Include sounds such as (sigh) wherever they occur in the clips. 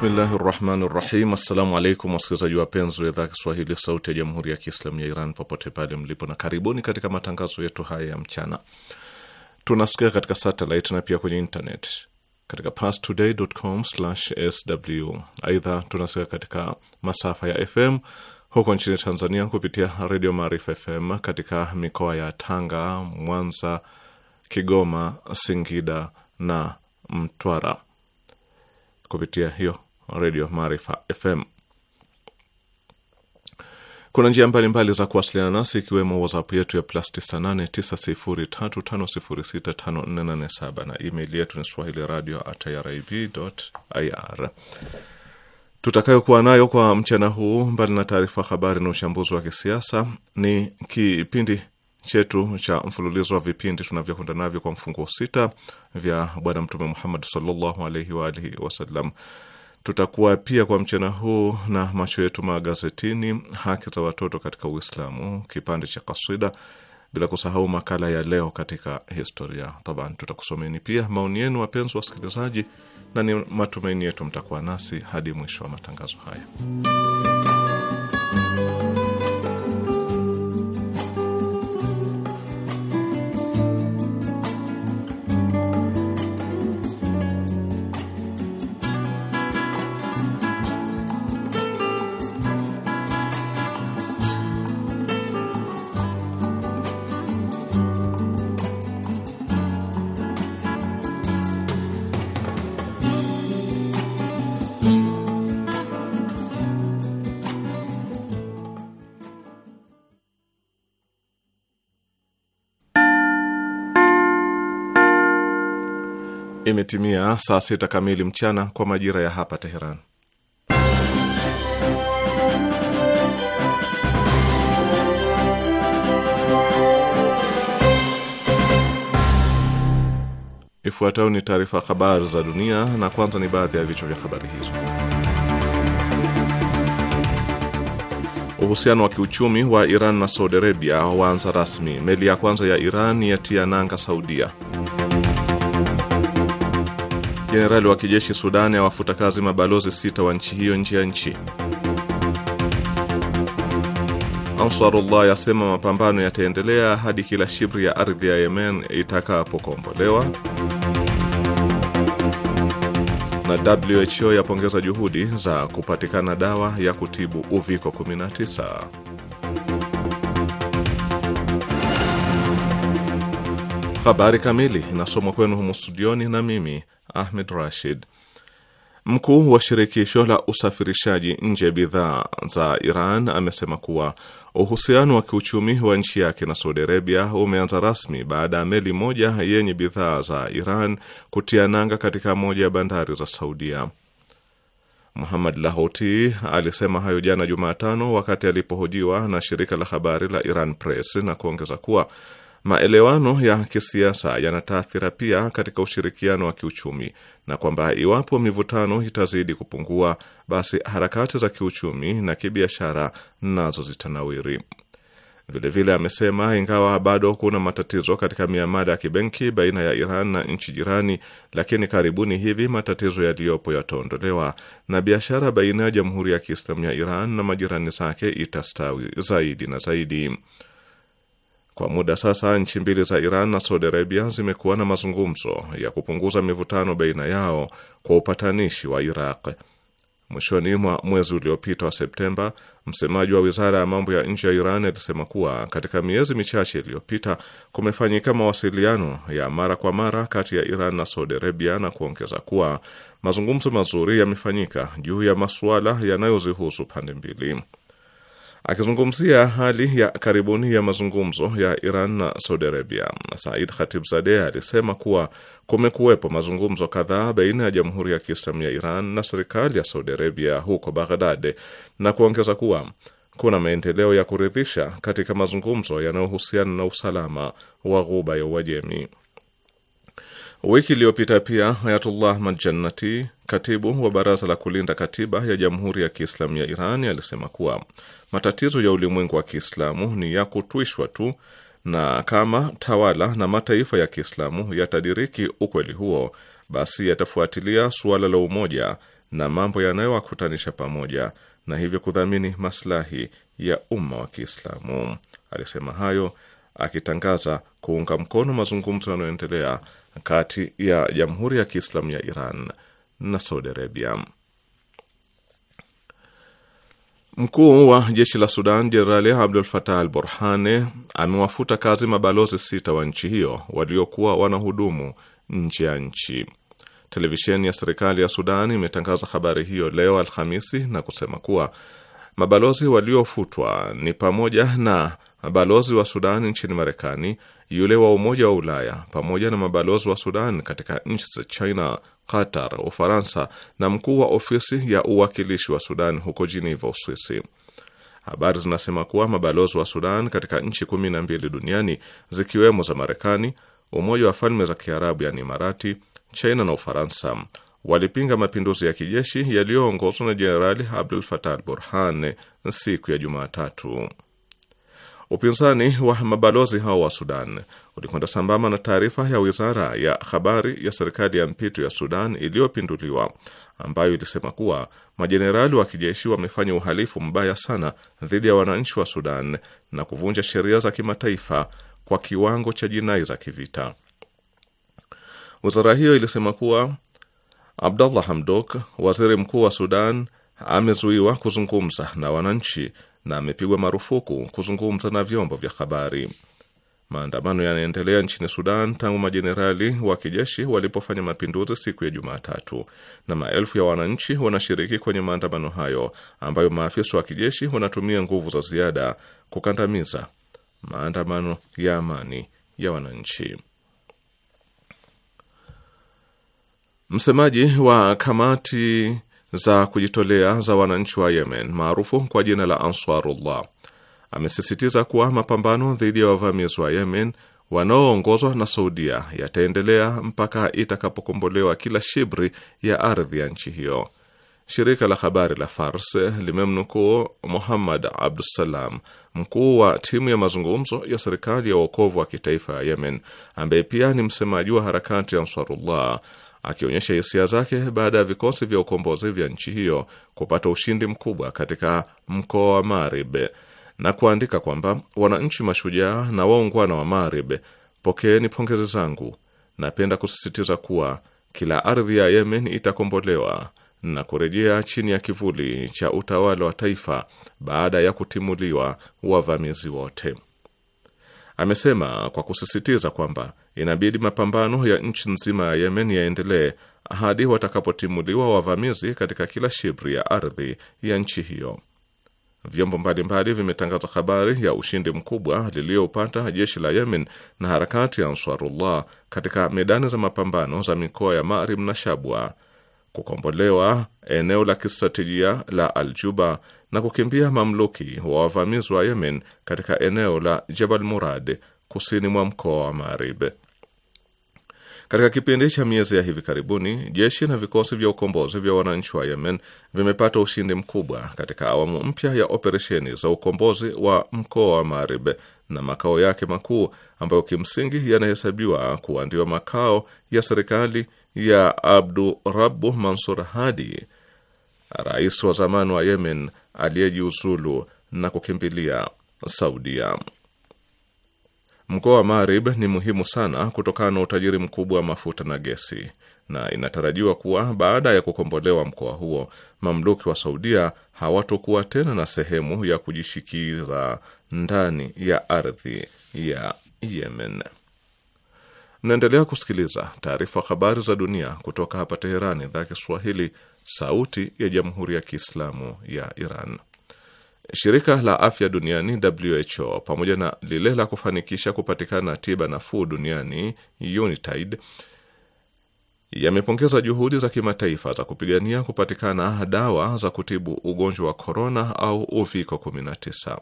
Bismillahi rahmani rahim. Assalamu alaikum wasikilizaji wapenzi wa idhaa ya Kiswahili sauti ya jamhuri ya Kiislamu ya Iran popote pale mlipo, na karibuni katika matangazo yetu haya ya mchana. Tunasikia katika satelit na pia kwenye internet katika pastodaycom sw Aidha, tunasikia katika masafa ya FM huko nchini Tanzania kupitia redio Maarifa FM katika mikoa ya Tanga, Mwanza, Kigoma, Singida na Mtwara kupitia hiyo redio Maarifa FM. Kuna njia mbalimbali za kuwasiliana nasi ikiwemo WhatsApp yetu ya plus 989035065487 na email yetu ni swahili radio irib ir. Tutakayokuwa nayo kwa mchana huu, mbali na taarifa habari na uchambuzi wa kisiasa, ni kipindi chetu cha mfululizo wa vipindi tunavyokwenda navyo kwa mfungo sita vya Bwana Mtume Muhammad sallallahu alaihi wa alihi wasallam Tutakuwa pia kwa mchana huu na macho yetu magazetini, haki za watoto katika Uislamu, kipande cha kaswida, bila kusahau makala ya leo katika historia. Taban, tutakusomeni pia maoni yenu, wapenzi wasikilizaji, na ni matumaini yetu mtakuwa nasi hadi mwisho wa matangazo haya. imetimia saa sita kamili mchana kwa majira ya hapa Teheran. Ifuatayo ni taarifa habari za dunia, na kwanza ni baadhi ya vichwa vya habari hizo. Uhusiano wa kiuchumi wa Iran na Saudi Arabia waanza rasmi. Meli ya kwanza ya Iran yatia nanga Saudia. Jenerali wa kijeshi Sudani awafuta kazi mabalozi sita wa nchi hiyo nje ya nchi. Ansarullah yasema mapambano yataendelea hadi kila shibri ya ardhi ya Yemen itakapokombolewa. Na WHO yapongeza juhudi za kupatikana dawa ya kutibu uviko 19. Habari kamili inasomwa kwenu humu studioni na mimi Ahmed Rashid, mkuu wa shirikisho la usafirishaji nje bidhaa za Iran, amesema kuwa uhusiano wa kiuchumi wa nchi yake na Saudi Arabia umeanza rasmi baada ya meli moja yenye bidhaa za Iran kutia nanga katika moja ya bandari za Saudia. Muhammad lahoti alisema hayo jana Jumatano wakati alipohojiwa na shirika la habari la Iran Press na kuongeza kuwa maelewano ya kisiasa yanataathira pia katika ushirikiano wa kiuchumi na kwamba iwapo mivutano itazidi kupungua, basi harakati za kiuchumi na kibiashara nazo zitanawiri. Vilevile amesema ingawa bado kuna matatizo katika miamala ya kibenki baina ya Iran na nchi jirani, lakini karibuni hivi matatizo yaliyopo yataondolewa na biashara baina ya Jamhuri ya Kiislamu ya Iran na majirani zake itastawi zaidi na zaidi. Kwa muda sasa nchi mbili za Iran na Saudi Arabia zimekuwa na mazungumzo ya kupunguza mivutano baina yao kwa upatanishi wa Iraq. Mwishoni mwa mwezi uliopita wa Septemba, msemaji wa wizara ya mambo ya nje ya Iran alisema kuwa katika miezi michache iliyopita kumefanyika mawasiliano ya mara kwa mara kati ya Iran na Saudi Arabia na kuongeza kuwa mazungumzo mazuri yamefanyika juu ya masuala yanayozihusu pande mbili. Akizungumzia hali ya karibuni ya mazungumzo ya Iran na Saudi Arabia, Said Khatibzadeh alisema kuwa kumekuwepo mazungumzo kadhaa baina ya Jamhuri ya Kiislamu ya Iran na serikali ya Saudi Arabia huko Baghdad, na kuongeza kuwa kuna maendeleo ya kuridhisha katika mazungumzo yanayohusiana na usalama wa Ghuba ya Uajemi. Wiki iliyopita pia Ayatullah Majannati, katibu wa baraza la kulinda katiba ya Jamhuri ya Kiislamu ya Iran, alisema kuwa matatizo ya ulimwengu wa Kiislamu ni ya kutwishwa tu, na kama tawala na mataifa ya Kiislamu yatadiriki ukweli huo, basi yatafuatilia suala la umoja na mambo yanayowakutanisha pamoja na hivyo kudhamini maslahi ya umma wa Kiislamu. Alisema hayo akitangaza kuunga mkono mazungumzo yanayoendelea kati ya Jamhuri ya Kiislamu ya Iran na Saudi Arabia. Mkuu wa jeshi la Sudan Jenerali Abdul Fatah al Burhane amewafuta kazi mabalozi sita wa nchi hiyo waliokuwa wanahudumu nje ya nchi. Televisheni ya serikali ya Sudan imetangaza habari hiyo leo Alhamisi na kusema kuwa mabalozi waliofutwa ni pamoja na balozi wa Sudan nchini Marekani, yule wa Umoja wa Ulaya pamoja na mabalozi wa Sudan katika nchi za China, Qatar, Ufaransa na mkuu wa ofisi ya uwakilishi wa Sudan huko Geneva, Uswisi. Habari zinasema kuwa mabalozi wa Sudan katika nchi kumi na mbili duniani zikiwemo za Marekani, Umoja wa Falme za Kiarabu yani Imarati, China na Ufaransa walipinga mapinduzi ya kijeshi yaliyoongozwa na Jenerali Abdul Fatah Burhan siku ya Jumatatu. Upinzani wa mabalozi hao wa Sudan ulikwenda sambamba na taarifa ya wizara ya habari ya serikali ya mpito ya Sudan iliyopinduliwa ambayo ilisema kuwa majenerali wa kijeshi wamefanya uhalifu mbaya sana dhidi ya wananchi wa Sudan na kuvunja sheria za kimataifa kwa kiwango cha jinai za kivita. Wizara hiyo ilisema kuwa Abdallah Hamdok, waziri mkuu wa Sudan, amezuiwa kuzungumza na wananchi na amepigwa marufuku kuzungumza na vyombo vya habari. Maandamano yanaendelea nchini Sudan tangu majenerali wa kijeshi walipofanya mapinduzi siku ya Jumatatu, na maelfu ya wananchi wanashiriki kwenye maandamano hayo ambayo maafisa wa kijeshi wanatumia nguvu za ziada kukandamiza maandamano ya amani ya wananchi. Msemaji wa kamati za kujitolea za wananchi wa Yemen maarufu kwa jina la Ansarullah. Amesisitiza kuwa mapambano dhidi ya wavamizi wa Yemen wanaoongozwa na Saudia yataendelea mpaka itakapokombolewa kila shibri ya ardhi ya nchi hiyo. Shirika la habari la Fars limemnukuu Muhammad Abdusalam, mkuu wa timu ya mazungumzo ya serikali ya uokovu wa kitaifa ya Yemen, ambaye pia ni msemaji wa harakati ya Ansarullah akionyesha hisia zake baada ya vikosi vya ukombozi vya nchi hiyo kupata ushindi mkubwa katika mkoa wa Marib na kuandika kwamba wananchi mashujaa na waungwana wa Marib, pokeeni pongezi zangu. Napenda kusisitiza kuwa kila ardhi ya Yemen itakombolewa na kurejea chini ya kivuli cha utawala wa taifa baada ya kutimuliwa wavamizi wote. Amesema kwa kusisitiza kwamba inabidi mapambano ya nchi nzima ya Yemen yaendelee hadi watakapotimuliwa wavamizi katika kila shibri ya ardhi ya nchi hiyo. Vyombo mbalimbali vimetangaza habari ya ushindi mkubwa liliyopata jeshi la Yemen na harakati ya Ansarullah katika medani za mapambano za mikoa ya Marib na Shabwa, kukombolewa eneo la kistratejia la Aljuba na kukimbia mamluki wa wavamizi wa Yemen katika eneo la Jabal Murad kusini mwa mkoa wa Marib. Katika kipindi cha miezi ya hivi karibuni, jeshi na vikosi vya ukombozi vya wananchi wa Yemen vimepata ushindi mkubwa katika awamu mpya ya operesheni za ukombozi wa mkoa wa Marib na makao yake makuu ambayo kimsingi yanahesabiwa kuwa ndiyo makao ya serikali ya Abdurabu Mansur Hadi, rais wa zamani wa Yemen aliyejiuzulu na kukimbilia Saudia. Mkoa wa Marib ni muhimu sana kutokana na utajiri mkubwa wa mafuta na gesi, na inatarajiwa kuwa baada ya kukombolewa mkoa huo, mamluki wa Saudia hawatokuwa tena na sehemu ya kujishikiza ndani ya ardhi ya Yemen. Naendelea kusikiliza taarifa habari za dunia kutoka hapa Teherani, idhaa ya Kiswahili, sauti ya jamhuri ya kiislamu ya Iran. Shirika la afya duniani WHO pamoja na lile la kufanikisha kupatikana tiba nafuu duniani UNITIDE yamepongeza juhudi za kimataifa za kupigania kupatikana dawa za kutibu ugonjwa wa korona au uviko 19.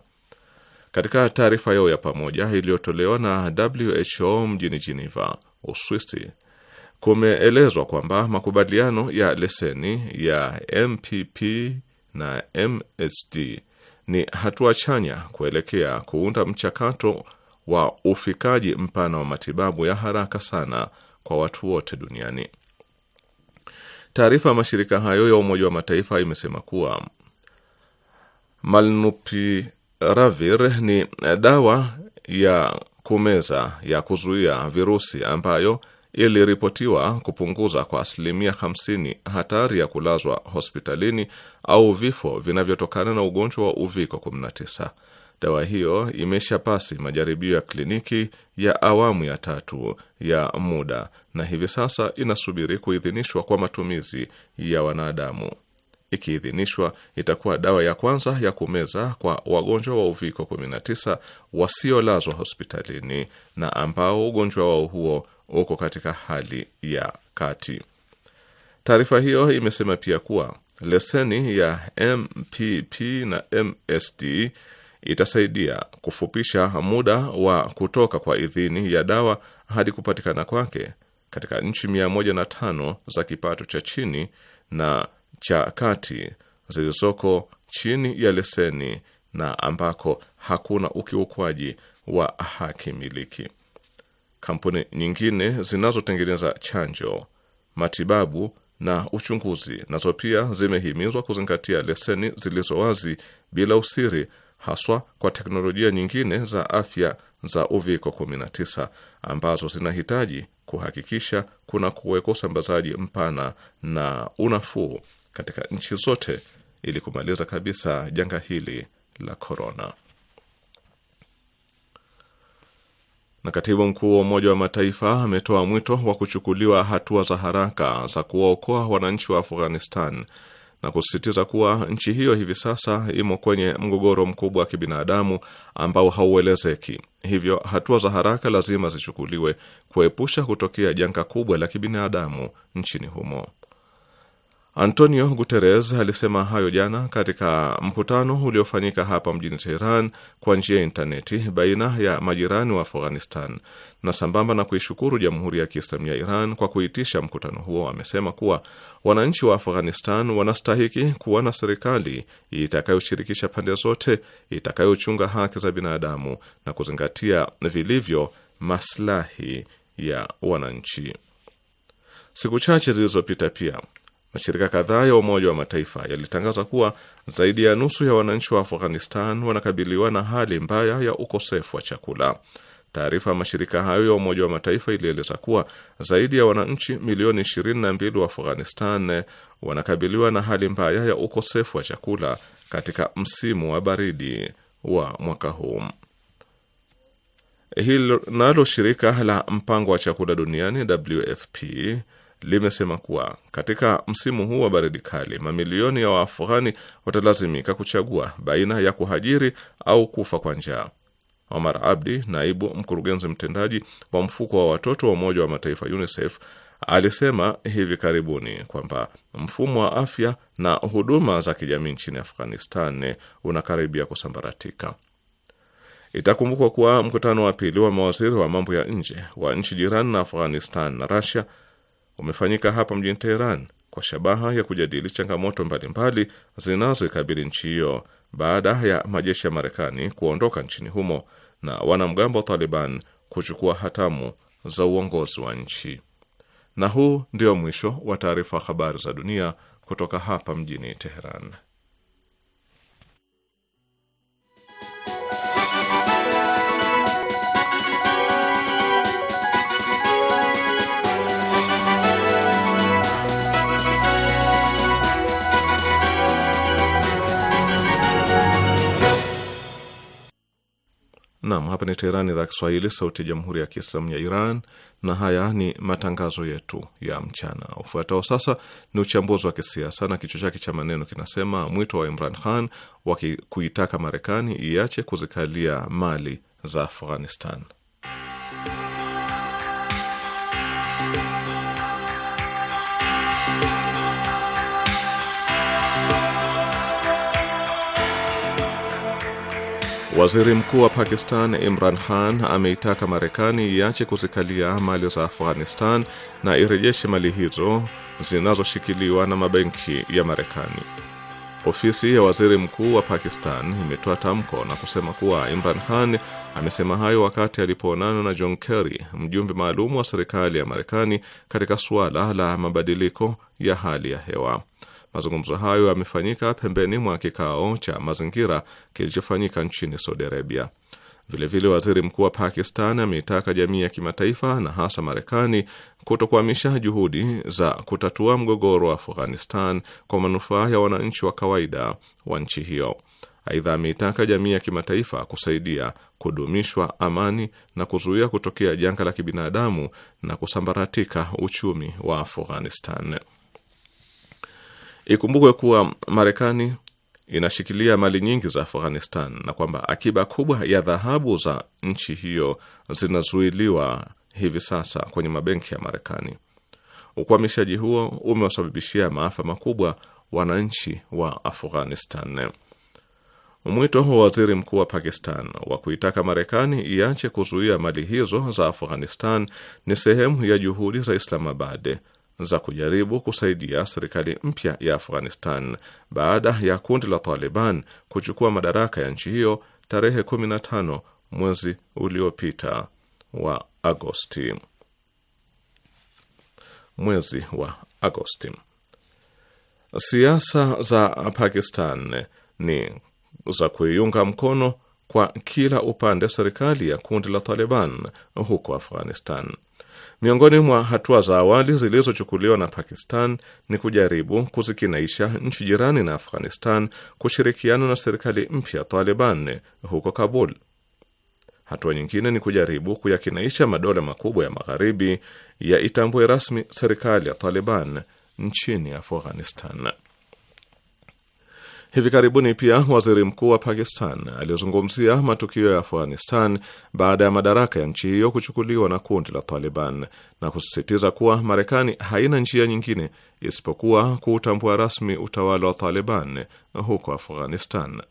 Katika taarifa yao ya pamoja iliyotolewa na WHO mjini Geneva, Uswisi, kumeelezwa kwamba makubaliano ya leseni ya MPP na MSD ni hatua chanya kuelekea kuunda mchakato wa ufikaji mpana wa matibabu ya haraka sana kwa watu wote duniani. Taarifa ya mashirika hayo ya Umoja wa Mataifa imesema kuwa malnupiravir ni dawa ya kumeza ya kuzuia virusi ambayo iliripotiwa kupunguza kwa asilimia 50 hatari ya kulazwa hospitalini au vifo vinavyotokana na ugonjwa wa uviko 19. Dawa hiyo imeshapasi majaribio ya kliniki ya awamu ya tatu ya muda na hivi sasa inasubiri kuidhinishwa kwa matumizi ya wanadamu. Ikiidhinishwa, itakuwa dawa ya kwanza ya kumeza kwa wagonjwa wa uviko 19 wasiolazwa hospitalini na ambao ugonjwa wao huo uko katika hali ya kati. Taarifa hiyo imesema pia kuwa leseni ya MPP na MSD itasaidia kufupisha muda wa kutoka kwa idhini ya dawa hadi kupatikana kwake katika nchi 105 za kipato cha chini na cha kati zilizoko chini ya leseni na ambako hakuna ukiukwaji wa haki miliki kampuni nyingine zinazotengeneza chanjo, matibabu na uchunguzi nazo pia zimehimizwa kuzingatia leseni zilizo wazi bila usiri, haswa kwa teknolojia nyingine za afya za uviko 19 ambazo zinahitaji kuhakikisha kuna kuwekwa usambazaji mpana na unafuu katika nchi zote ili kumaliza kabisa janga hili la korona. na katibu mkuu wa Umoja wa Mataifa ametoa mwito wa kuchukuliwa hatua za haraka za kuwaokoa wananchi wa Afghanistan na kusisitiza kuwa nchi hiyo hivi sasa imo kwenye mgogoro mkubwa wa kibinadamu ambao hauelezeki. Hivyo hatua za haraka lazima zichukuliwe kuepusha kutokea janga kubwa la kibinadamu nchini humo. Antonio Guterres alisema hayo jana katika mkutano uliofanyika hapa mjini Teheran kwa njia ya intaneti baina ya majirani wa Afghanistan, na sambamba na kuishukuru Jamhuri ya Kiislamu ya Iran kwa kuitisha mkutano huo, amesema kuwa wananchi wa Afghanistan wanastahiki kuwa na serikali itakayoshirikisha pande zote, itakayochunga haki za binadamu na kuzingatia vilivyo maslahi ya wananchi. Siku chache zilizopita pia Mashirika kadhaa ya Umoja wa Mataifa yalitangaza kuwa zaidi ya nusu ya wananchi wa Afghanistan wanakabiliwa na hali mbaya ya ukosefu wa chakula. Taarifa ya mashirika hayo ya Umoja wa Mataifa ilieleza kuwa zaidi ya wananchi milioni 22 wa Afghanistan wanakabiliwa na hali mbaya ya ukosefu wa chakula katika msimu wa baridi wa mwaka huu. Hili nalo shirika la mpango wa chakula duniani WFP limesema kuwa katika msimu huu wa baridi kali mamilioni ya Waafghani watalazimika kuchagua baina ya kuhajiri au kufa kwa njaa. Omar Abdi, naibu mkurugenzi mtendaji wa mfuko wa watoto wa Umoja wa Mataifa UNICEF, alisema hivi karibuni kwamba mfumo wa afya na huduma za kijamii nchini Afghanistan unakaribia kusambaratika. Itakumbukwa kuwa mkutano wa pili wa mawaziri wa mambo ya nje wa nchi jirani na Afghanistan na Russia umefanyika hapa mjini Teheran kwa shabaha ya kujadili changamoto mbalimbali zinazoikabili nchi hiyo baada ya majeshi ya Marekani kuondoka nchini humo na wanamgambo wa Taliban kuchukua hatamu za uongozi wa nchi. Na huu ndio mwisho wa taarifa habari za dunia kutoka hapa mjini Teheran. Naam, hapa ni Teherani, idhaa Kiswahili, sauti ya jamhuri ya kiislamu ya Iran, na haya ni matangazo yetu ya mchana. Ufuatao sasa ni uchambuzi wa kisiasa na kichwa chake cha maneno kinasema: mwito wa Imran Khan wa kuitaka Marekani iache kuzikalia mali za Afghanistan. Waziri Mkuu wa Pakistan Imran Khan ameitaka Marekani iache kuzikalia mali za Afghanistan na irejeshe mali hizo zinazoshikiliwa na mabenki ya Marekani. Ofisi ya waziri mkuu wa Pakistan imetoa tamko na kusema kuwa Imran Khan amesema hayo wakati alipoonana na John Kerry, mjumbe maalum wa serikali ya Marekani katika suala la mabadiliko ya hali ya hewa. Mazungumzo hayo yamefanyika pembeni mwa kikao cha mazingira kilichofanyika nchini Saudi Arabia. Vilevile, waziri mkuu wa Pakistan ameitaka jamii ya kimataifa na hasa Marekani kutokwamisha juhudi za kutatua mgogoro wa Afghanistan kwa manufaa ya wananchi wa kawaida wa nchi hiyo. Aidha, ameitaka jamii ya kimataifa kusaidia kudumishwa amani na kuzuia kutokea janga la kibinadamu na kusambaratika uchumi wa Afghanistan. Ikumbukwe kuwa Marekani inashikilia mali nyingi za Afghanistan na kwamba akiba kubwa ya dhahabu za nchi hiyo zinazuiliwa hivi sasa kwenye mabenki ya Marekani. Ukwamishaji huo umewasababishia maafa makubwa wananchi wa Afghanistan. Mwito wa waziri mkuu wa Pakistan wa kuitaka Marekani iache kuzuia mali hizo za Afghanistan ni sehemu ya juhudi za Islamabad za kujaribu kusaidia serikali mpya ya Afghanistan baada ya kundi la Taliban kuchukua madaraka ya nchi hiyo tarehe 15 mwezi uliopita wa Agosti. Mwezi wa Agosti. Siasa za Pakistan ni za kuiunga mkono kwa kila upande serikali ya kundi la Taliban huko Afghanistan. Miongoni mwa hatua za awali zilizochukuliwa na Pakistan ni kujaribu kuzikinaisha nchi jirani na Afghanistan kushirikiana na serikali mpya Taliban huko Kabul. Hatua nyingine ni kujaribu kuyakinaisha madola makubwa ya Magharibi ya itambue rasmi serikali ya Taliban nchini Afghanistan. Hivi karibuni pia waziri mkuu wa Pakistan alizungumzia matukio ya Afghanistan baada ya madaraka ya nchi hiyo kuchukuliwa na kundi la Taliban na kusisitiza kuwa Marekani haina njia nyingine isipokuwa kuutambua rasmi utawala wa Taliban huko Afghanistan.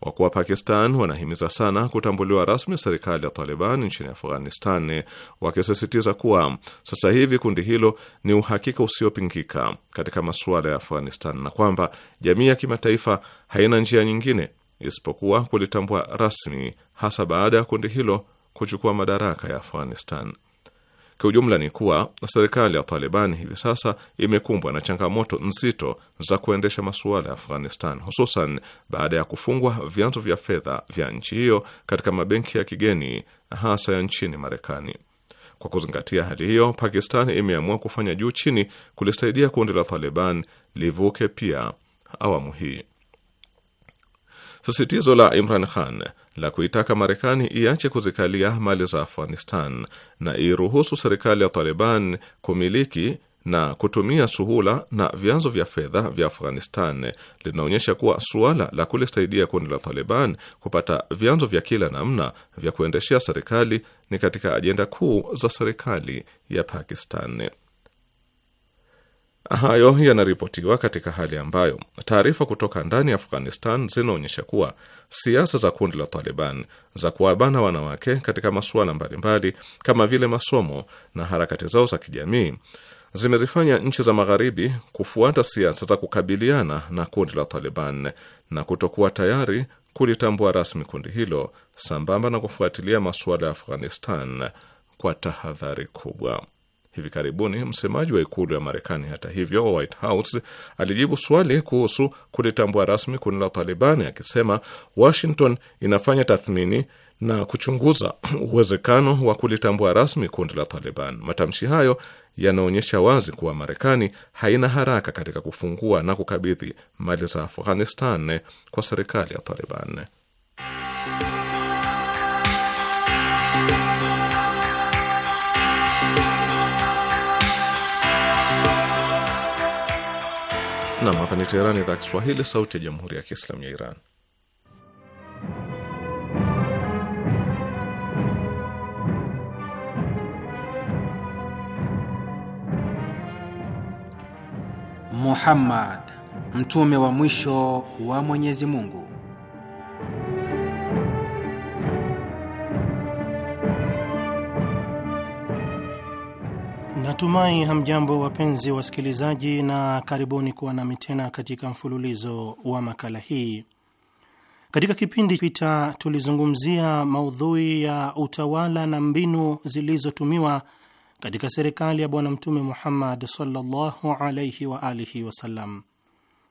Wakuu wa Pakistan wanahimiza sana kutambuliwa rasmi serikali ya Taliban nchini Afghanistan, wakisisitiza kuwa sasa hivi kundi hilo ni uhakika usiopingika katika masuala ya Afghanistan na kwamba jamii ya kimataifa haina njia nyingine isipokuwa kulitambua rasmi, hasa baada ya kundi hilo kuchukua madaraka ya Afghanistan. Kiujumla ni kuwa serikali ya Taliban hivi sasa imekumbwa na changamoto nzito za kuendesha masuala ya Afghanistan, hususan baada ya kufungwa vyanzo vya fedha vya nchi hiyo katika mabenki ya kigeni, hasa ya nchini Marekani. Kwa kuzingatia hali hiyo, Pakistan imeamua kufanya juu chini kulisaidia kundi la Taliban livuke pia awamu hii. Sisitizo la Imran Khan la kuitaka Marekani iache kuzikalia mali za Afghanistan na iruhusu serikali ya Taliban kumiliki na kutumia suhula na vyanzo vya fedha vya Afghanistan linaonyesha kuwa suala la kulisaidia kundi la Taliban kupata vyanzo vya kila namna vya kuendeshea serikali ni katika ajenda kuu za serikali ya Pakistan. Hayo yanaripotiwa katika hali ambayo taarifa kutoka ndani ya Afghanistan zinaonyesha kuwa siasa za kundi la Taliban za kuwabana wanawake katika masuala mbalimbali kama vile masomo na harakati zao za kijamii zimezifanya nchi za Magharibi kufuata siasa za kukabiliana na kundi la Taliban na kutokuwa tayari kulitambua rasmi kundi hilo sambamba na kufuatilia masuala ya Afghanistan kwa tahadhari kubwa. Hivi karibuni msemaji wa ikulu ya Marekani, hata hivyo, White House alijibu swali kuhusu kulitambua rasmi kundi la taliban akisema Washington inafanya tathmini na kuchunguza (clears throat) uwezekano wa kulitambua rasmi kundi la Taliban. Matamshi hayo yanaonyesha wazi kuwa Marekani haina haraka katika kufungua na kukabidhi mali za Afghanistan kwa serikali ya Taliban. Nam, hapa ni Teherani, idhaa Kiswahili, sauti ya jamhuri ya kiislamu ya Iran. Muhammad, mtume wa mwisho wa Mwenyezi Mungu. Natumai hamjambo wapenzi wasikilizaji, na karibuni kuwa nami tena katika mfululizo wa makala hii. Katika kipindi pita tulizungumzia maudhui ya utawala na mbinu zilizotumiwa katika serikali ya Bwana Mtume Muhammad sallallahu alaihi wa alihi wasallam.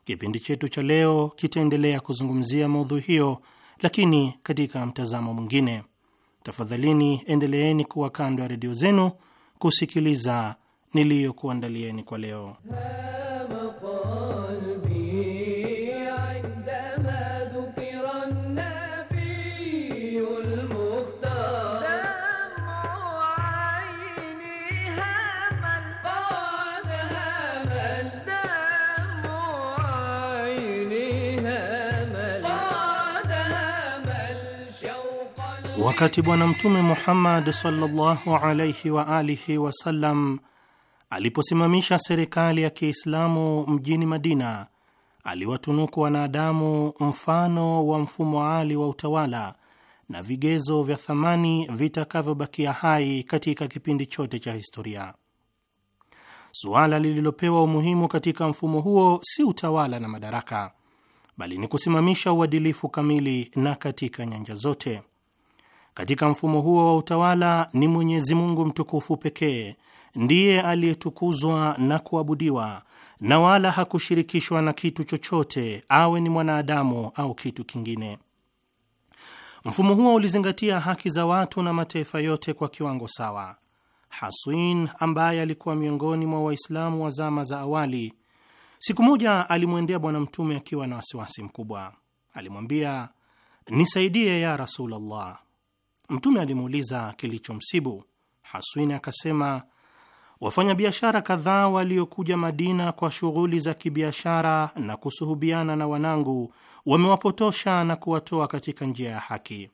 Kipindi chetu cha leo kitaendelea kuzungumzia maudhui hiyo, lakini katika mtazamo mwingine. Tafadhalini endeleeni kuwa kando ya redio zenu kusikiliza niliyokuandalieni kwa leo. wakati Bwana Mtume Muhammad sallallahu alaihi wa alihi wasallam aliposimamisha serikali ya Kiislamu mjini Madina, aliwatunuku wanadamu mfano wa mfumo ali wa utawala na vigezo vya thamani vitakavyobakia hai katika kipindi chote cha historia. Suala lililopewa umuhimu katika mfumo huo si utawala na madaraka, bali ni kusimamisha uadilifu kamili na katika nyanja zote. Katika mfumo huo wa utawala ni Mwenyezi Mungu mtukufu pekee ndiye aliyetukuzwa na kuabudiwa, na wala hakushirikishwa na kitu chochote, awe ni mwanadamu au kitu kingine. Mfumo huo ulizingatia haki za watu na mataifa yote kwa kiwango sawa. Haswin ambaye alikuwa miongoni mwa Waislamu wa zama za awali, siku moja alimwendea Bwana Mtume akiwa na wasiwasi mkubwa. Alimwambia, nisaidie ya Rasulullah. Mtume alimuuliza kilichomsibu. Haswina akasema, wafanyabiashara kadhaa waliokuja Madina kwa shughuli za kibiashara na kusuhubiana na wanangu wamewapotosha na kuwatoa katika njia ya haki.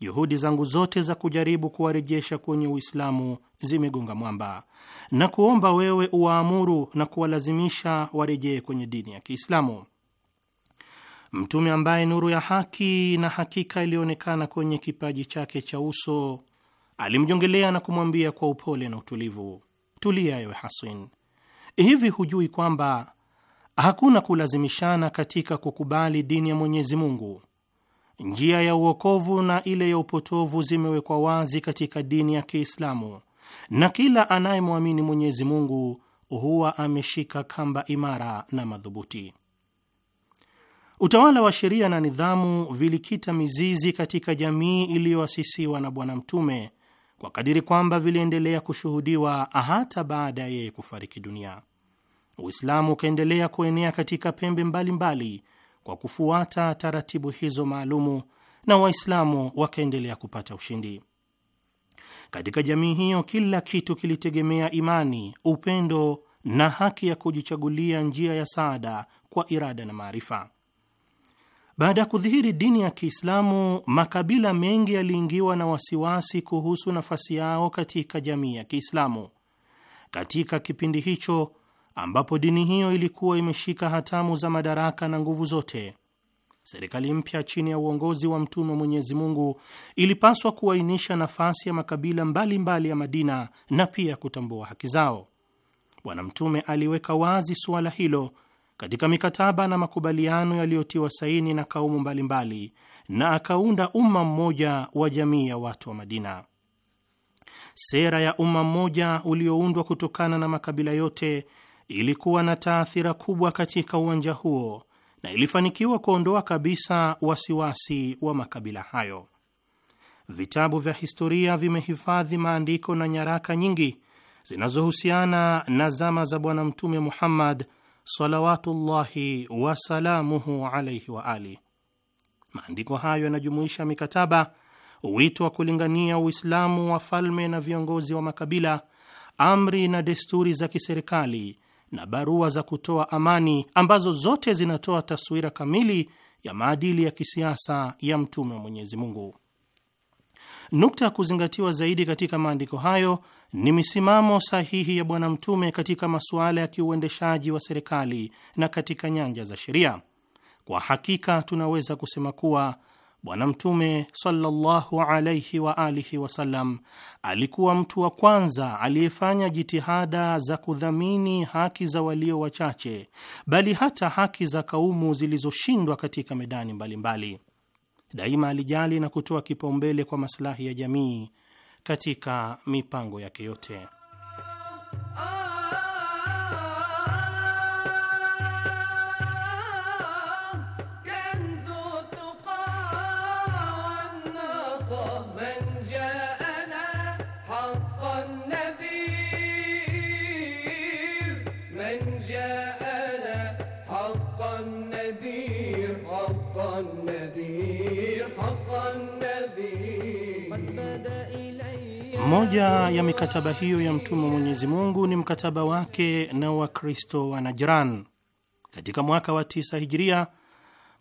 Juhudi zangu zote za kujaribu kuwarejesha kwenye Uislamu zimegonga mwamba, na kuomba wewe uwaamuru na kuwalazimisha warejee kwenye dini ya Kiislamu mtume ambaye nuru ya haki na hakika ilionekana kwenye kipaji chake cha uso, alimjongelea na kumwambia kwa upole na utulivu, tulia ewe Hasin, hivi hujui kwamba hakuna kulazimishana katika kukubali dini ya Mwenyezi Mungu? Njia ya uokovu na ile ya upotovu zimewekwa wazi katika dini ya Kiislamu, na kila anayemwamini Mwenyezi Mungu huwa ameshika kamba imara na madhubuti. Utawala wa sheria na nidhamu vilikita mizizi katika jamii iliyoasisiwa na Bwana Mtume kwa kadiri kwamba viliendelea kushuhudiwa hata baada ya yeye kufariki dunia. Uislamu ukaendelea kuenea katika pembe mbalimbali mbali kwa kufuata taratibu hizo maalumu, na Waislamu wakaendelea kupata ushindi katika jamii hiyo. Kila kitu kilitegemea imani, upendo na haki ya kujichagulia njia ya saada kwa irada na maarifa. Baada ya kudhihiri dini ya Kiislamu, makabila mengi yaliingiwa na wasiwasi kuhusu nafasi yao katika jamii ya Kiislamu. Katika kipindi hicho ambapo dini hiyo ilikuwa imeshika hatamu za madaraka na nguvu zote, serikali mpya chini ya uongozi wa Mtume wa Mwenyezi Mungu ilipaswa kuainisha nafasi ya makabila mbalimbali mbali ya Madina na pia kutambua haki zao. Bwana Mtume aliweka wazi suala hilo katika mikataba na makubaliano yaliyotiwa saini na kaumu mbalimbali na akaunda umma mmoja wa jamii ya watu wa Madina. Sera ya umma mmoja ulioundwa kutokana na makabila yote ilikuwa na taathira kubwa katika uwanja huo na ilifanikiwa kuondoa kabisa wasiwasi wa makabila hayo. Vitabu vya historia vimehifadhi maandiko na nyaraka nyingi zinazohusiana na zama za Bwana Mtume Muhammad salawatullahi wasalamuhu alaihi wa ali. Maandiko hayo yanajumuisha mikataba, wito wa kulingania Uislamu wa falme na viongozi wa makabila, amri na desturi za kiserikali na barua za kutoa amani, ambazo zote zinatoa taswira kamili ya maadili ya kisiasa ya mtume wa Mwenyezi Mungu. Nukta ya kuzingatiwa zaidi katika maandiko hayo ni misimamo sahihi ya Bwana Mtume katika masuala ya kiuendeshaji wa serikali na katika nyanja za sheria. Kwa hakika tunaweza kusema kuwa Bwana Mtume sallallahu alaihi wa alihi wasallam alikuwa mtu wa kwanza aliyefanya jitihada za kudhamini haki za walio wachache, bali hata haki za kaumu zilizoshindwa katika medani mbalimbali mbali. Daima alijali na kutoa kipaumbele kwa maslahi ya jamii katika mipango yake yote. Moja ya mikataba hiyo ya mtume wa Mwenyezi Mungu ni mkataba wake na Wakristo wa Najran. Katika mwaka wa tisa hijiria,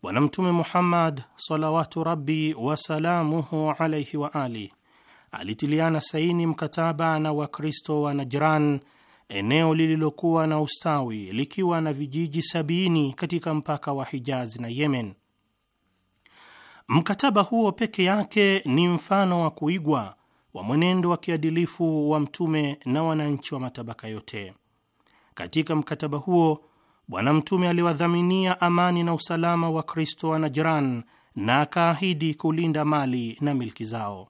Bwana Mtume Muhammad salawatu rabi wasalamuhu alaihi wa ali alitiliana saini mkataba na Wakristo wa Najran, eneo lililokuwa na ustawi likiwa na vijiji sabini katika mpaka wa Hijazi na Yemen. Mkataba huo peke yake ni mfano wa kuigwa wa mwenendo wa kiadilifu wa mtume na wananchi wa matabaka yote. Katika mkataba huo, Bwana Mtume aliwadhaminia amani na usalama wa Kristo wa Najran na akaahidi kulinda mali na milki zao.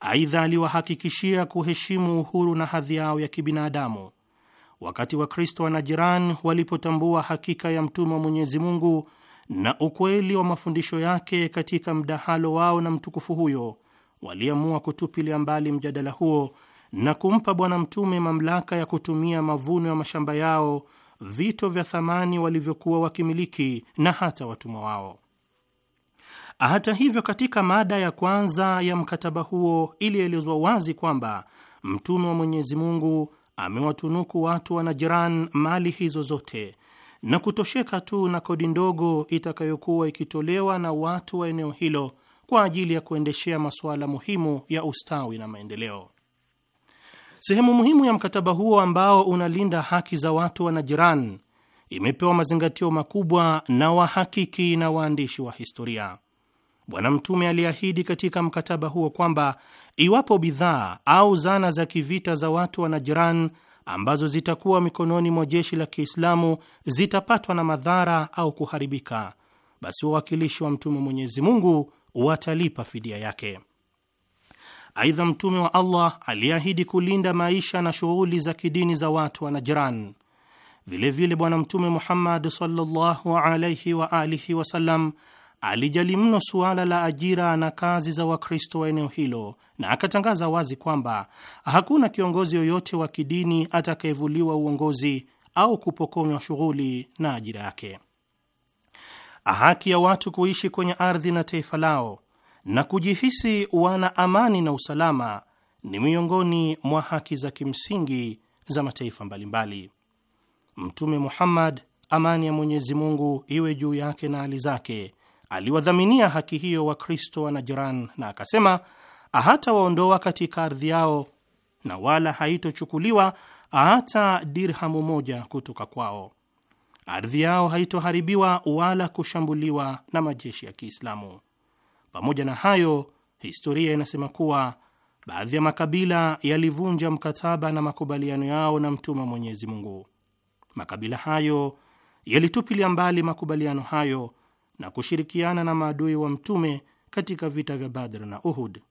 Aidha, aliwahakikishia kuheshimu uhuru na hadhi yao ya kibinadamu. Wakati Wakristo wa Najiran walipotambua hakika ya mtume wa Mwenyezi Mungu na ukweli wa mafundisho yake katika mdahalo wao na mtukufu huyo waliamua kutupilia mbali mjadala huo na kumpa Bwana Mtume mamlaka ya kutumia mavuno ya mashamba yao, vito vya thamani walivyokuwa wakimiliki na hata watumwa wao. Hata hivyo, katika mada ya kwanza ya mkataba huo ilielezwa wazi kwamba Mtume wa Mwenyezi Mungu amewatunuku watu wa Najiran mali hizo zote na kutosheka tu na kodi ndogo itakayokuwa ikitolewa na watu wa eneo hilo kwa ajili ya kuendeshea masuala muhimu ya ustawi na maendeleo. Sehemu muhimu ya mkataba huo ambao unalinda haki za watu wa Najran imepewa mazingatio makubwa na wahakiki na waandishi wa historia. Bwana Mtume aliahidi katika mkataba huo kwamba iwapo bidhaa au zana za kivita za watu wa Najran ambazo zitakuwa mikononi mwa jeshi la Kiislamu zitapatwa na madhara au kuharibika, basi wawakilishi wa Mtume Mwenyezi Mungu watalipa fidia yake. Aidha, mtume wa Allah aliahidi kulinda maisha na shughuli za kidini za watu wa Najran. Vilevile Bwana Mtume Muhammad sallallahu alaihi wa alihi wasallam alijali mno suala la ajira na kazi za Wakristo wa eneo hilo, na akatangaza wazi kwamba hakuna kiongozi yoyote wa kidini atakayevuliwa uongozi au kupokonywa shughuli na ajira yake haki ya watu kuishi kwenye ardhi na taifa lao na kujihisi wana amani na usalama ni miongoni mwa haki za kimsingi za mataifa mbalimbali. Mtume Muhammad, amani ya Mwenyezi Mungu iwe juu yake na hali zake, aliwadhaminia haki hiyo Wakristo wa Najran na akasema, hatawaondoa katika ardhi yao na wala haitochukuliwa hata dirhamu moja kutoka kwao ardhi yao haitoharibiwa wala kushambuliwa na majeshi ya Kiislamu. Pamoja na hayo, historia inasema kuwa baadhi ya makabila yalivunja mkataba na makubaliano yao na wa Mwenyezi Mungu. Makabila hayo yalitupilia mbali makubaliano hayo na kushirikiana na maadui wa mtume katika vita vya Badr na Uhud.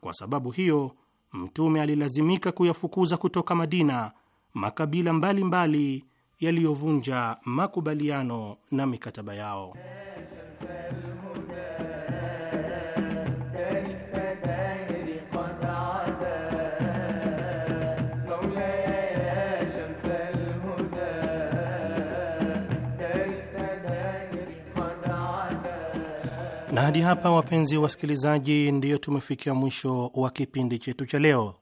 Kwa sababu hiyo, mtume alilazimika kuyafukuza kutoka Madina makabila mbalimbali mbali yaliyovunja makubaliano na mikataba yao. Na hadi hapa, wapenzi wasikilizaji, ndiyo tumefikia mwisho wa kipindi chetu cha leo.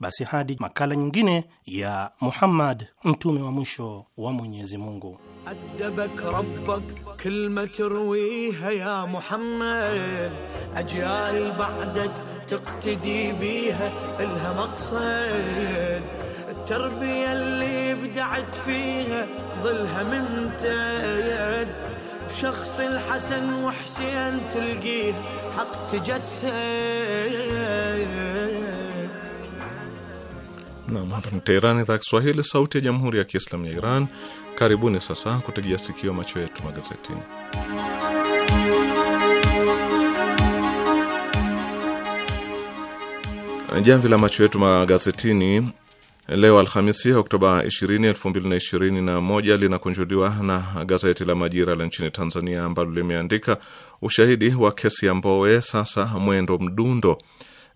Basi hadi makala nyingine ya Muhammad mtume wa mwisho wa Mwenyezi Mungu. أدبك ربك كلمة ترويها يا محمد أجيال بعدك تقتدي بيها إلها مقصد التربية اللي بدعت فيها ظلها ممتد في شخص الحسن وحسين تلقيه حق تجسد Nam, hapa ni Teherani, idhaa Kiswahili, sauti ya jamhuri ya kiislamu ya Iran. Karibuni sasa kutegea sikio, macho yetu magazetini. Jamvi la macho yetu magazetini leo Alhamisi, Oktoba 20, 2021 linakunjuliwa na gazeti la Majira la nchini Tanzania ambalo limeandika ushahidi wa kesi ya Mbowe sasa mwendo mdundo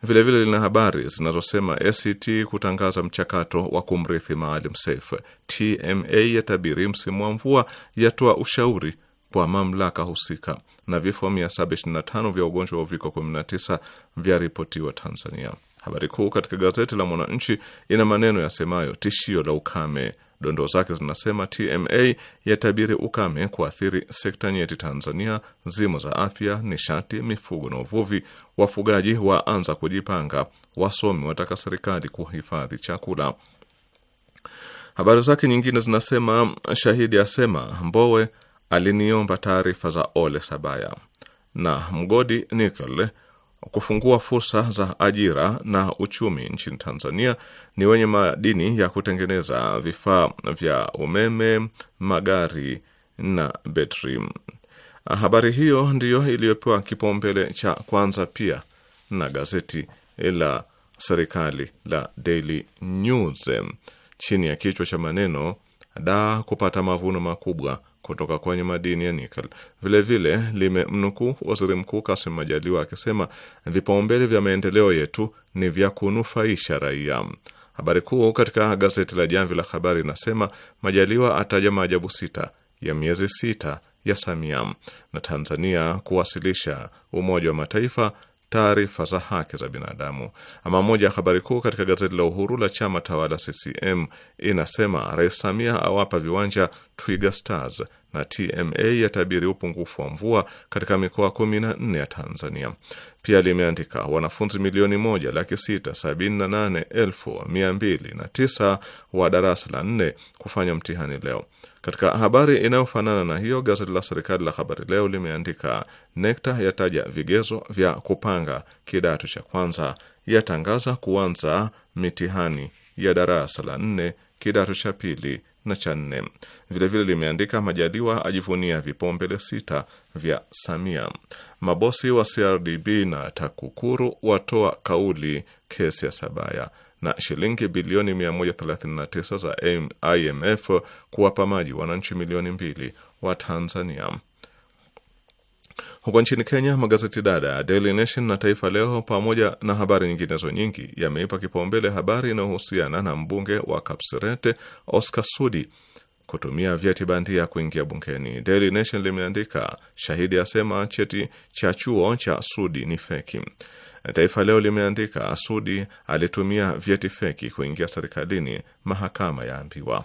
Vilevile lina habari zinazosema ACT kutangaza mchakato wa kumrithi Maalim Seif, TMA yatabiri msimu wa mvua, yatoa ushauri kwa mamlaka husika, na vifo 725 vya ugonjwa wa uviko 19 vyaripotiwa Tanzania. Habari kuu katika gazeti la Mwananchi ina maneno yasemayo tishio la ukame Dondoo zake zinasema TMA yatabiri ukame kuathiri sekta nyeti Tanzania, zimo za afya, nishati, mifugo na uvuvi. Wafugaji waanza kujipanga, wasomi wataka serikali kuhifadhi chakula. Habari zake nyingine zinasema shahidi asema Mbowe aliniomba taarifa za Ole Sabaya na mgodi nikel kufungua fursa za ajira na uchumi nchini Tanzania ni wenye madini ya kutengeneza vifaa vya umeme, magari na betri. Habari hiyo ndiyo iliyopewa kipaumbele cha kwanza pia na gazeti la serikali la Daily News chini ya kichwa cha maneno da kupata mavuno makubwa kutoka kwenye madini ya nikeli. Vilevile limemnukuu waziri mkuu Kasim Majaliwa akisema vipaumbele vya maendeleo yetu ni vya kunufaisha raia. Habari kuu katika gazeti la Jamvi la Habari inasema Majaliwa ataja maajabu sita ya miezi sita ya Samia na Tanzania kuwasilisha Umoja wa Mataifa taarifa za haki za binadamu. Ama moja ya habari kuu katika gazeti la Uhuru la chama tawala CCM inasema Rais Samia awapa viwanja Twiga Stars na TMA yatabiri upungufu wa mvua katika mikoa nne ya Tanzania. Pia limeandika wanafunzi milioni moja laki sita sabini na nane elfu mia mbili na tisa wa darasa la nne kufanya mtihani leo. Katika habari inayofanana na hiyo, gazeti la serikali la Habari Leo limeandika NECTA yataja vigezo vya kupanga kidato cha kwanza, yatangaza kuanza mitihani ya darasa la nne kidato cha pili na cha nne. Vilevile limeandika Majaliwa ajivunia vipaumbele sita vya Samia. Mabosi wa CRDB na TAKUKURU watoa kauli kesi ya Sabaya na shilingi bilioni 139 za IMF kuwapa maji wananchi milioni mbili wa Tanzania. Huko nchini Kenya, magazeti dada Daily Nation na Taifa Leo pamoja na habari nyinginezo nyingi yameipa kipaumbele habari inayohusiana na mbunge wa Kapseret Oscar Sudi kutumia vyeti bandia kuingia bungeni. Daily Nation limeandika shahidi asema cheti cha chuo cha Sudi ni feki. Taifa Leo limeandika Sudi alitumia vyeti feki kuingia serikalini, mahakama yaambiwa.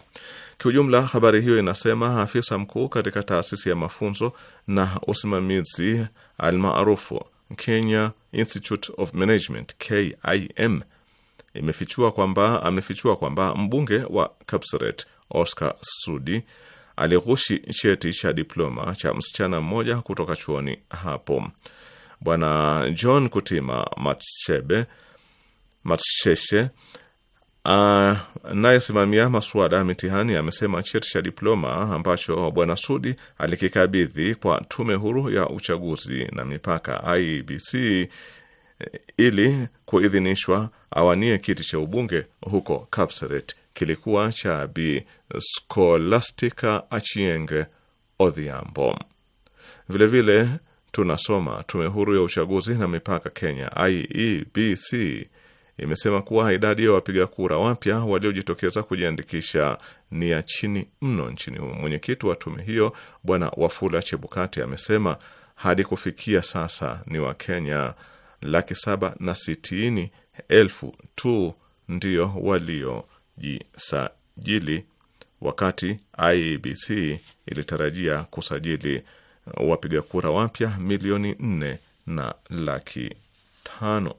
Kiujumla, habari hiyo inasema afisa mkuu katika taasisi ya mafunzo na usimamizi almaarufu Kenya Institute of Management KIM imefichua kwamba amefichua kwamba mbunge wa Kapseret Oscar Sudi alighushi cheti cha diploma cha msichana mmoja kutoka chuoni hapo. Bwana John Kutima Matshebe Matsheshe Ah, anayesimamia masuala ya mitihani amesema cheti cha diploma ambacho Bwana Sudi alikikabidhi kwa Tume Huru ya Uchaguzi na Mipaka IEBC eh, ili kuidhinishwa awanie kiti cha ubunge huko Kapseret kilikuwa cha Bi Scholastica Achieng Odhiambo. Vilevile tunasoma Tume Huru ya Uchaguzi na Mipaka Kenya IEBC imesema kuwa idadi ya wapiga kura wapya waliojitokeza kujiandikisha ni ya chini mno nchini humo. Mwenyekiti wa tume hiyo Bwana Wafula Chebukati amesema hadi kufikia sasa ni Wakenya laki saba na sitini elfu tu ndio waliojisajili, wakati IEBC ilitarajia kusajili wapiga kura wapya milioni nne na laki tano.